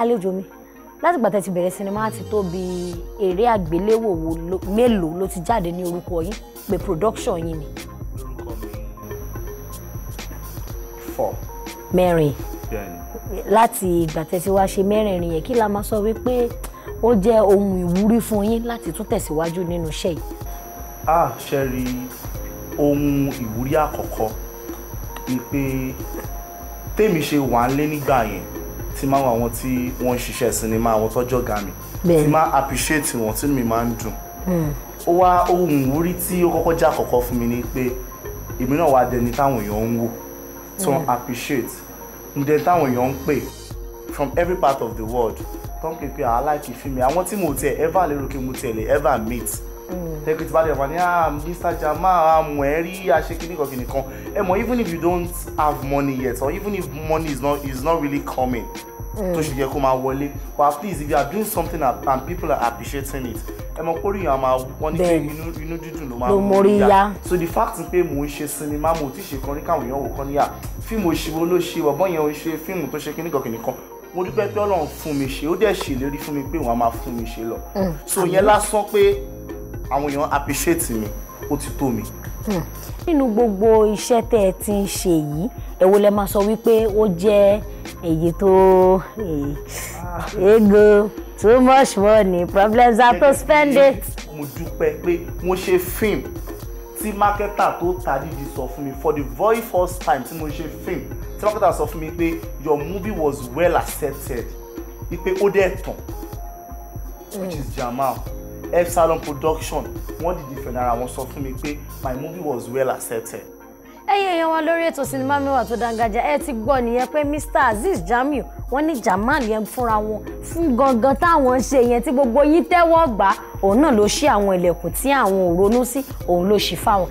àlejò mi láti gbàtẹ́ ti bẹ̀rẹ̀ sinimá àti tó bi eré àgbéléwò mélòó ló ti jáde ní orúkọ yín pé production yín ni. lórúkọ mi four. mẹ́rin láti gbàtẹ́ ti wá ṣe mẹ́rẹ̀ẹ̀rin yẹn kí la máa sọ wípé ó jẹ́ ohun ìwúrí fún yín láti tún tẹ̀síwájú nínú iṣẹ́ yìí. a ṣe rí ohun ìwúrí àkọ́kọ́ ni pé tèmi ṣe wà á lé nígbà yẹn tí máa wọ àwọn tí wọ́n ń ṣiṣẹ́ sinimá àwọn tọ́jọ́ ga mi máa appreciate wọn tí mi máa ń dùn hmm. ó wá ohun ìwúrí tí ó kọ́kọ́ já kọ̀kọ́ fún mi ni pé èmi náà wà dẹni táwọn èèyàn ń wò tó ń hmm. appreciate ǹdẹ táwọn èèyàn ń pè from every part of the world tó ń pè pé àá láìkí fíìmù àwọn tí mo tiẹ̀ ever lérò kí mo tiẹ̀ lè ever meet tẹ́kí tí bá dẹ̀ wà ní Mr. Ah, Jamal amọ̀ ah, ẹ́ rí aṣekínìkan kìnìkan ẹ mọ̀ even if you don't have money yet or even if money is not is not really coming tó ṣe yẹ kó máa wọlé but please if you are doing something and people are appreciating it ẹ mọ kórè yàn máa wọn ní pé inú dídùn ló máa mú yá so the fact pé mò ń ṣe sinimá mò ti ṣe kan ní káwọn èèyàn wò kan níyà ah, fíìmù òṣìwò ló ṣe ọ̀bọ̀n yẹn ò ṣe fíìmù tó ṣe kíníkan kíníkan mo dúpẹ́ pé Ọlọ́run fún mi ṣe ó dẹ̀ ṣèlérí fún mi pé wọ́n á máa fún mi ṣe lọ mm. so yẹn lásán pé àwọn èèyàn appreciate mi ó ti tó mi. Hmm. nínú gbogbo iṣẹ́ tẹ́ ẹ ti ń ṣe yìí ẹ wo lẹ máa sọ wípé ó jẹ́ èyí tó eh, ego too much money problems are to spend it. mo dúpẹ́ pé mo ṣe fíìmù tí mákẹ́tà tó ta dídí sọ fún mi for the very first time tí mo ṣe fíìmù tí mákẹ́tà sọ fún mi pé your movie was well accepted wípé ó dẹ̀ tàn which is Jamal epsilon production wọ́n dìde fẹ̀nà ara wọn sọ fún mi pé my movie was well accepted. ẹ̀yin èèyàn wa lórí ètò sinimá mẹ́wàá tó dáńgájá ẹ ti gbọ́ nìyẹn pé Mr Azeez Jamiu wọ́n ní Jamal yẹn fúnra wọn fún gangan táwọn ń ṣe yẹn tí gbogbo yín tẹ́wọ́ gbà òun náà ló ṣí àwọn ilẹ̀kùn tí àwọn ò ronú sí òun ló ṣí fáwọn.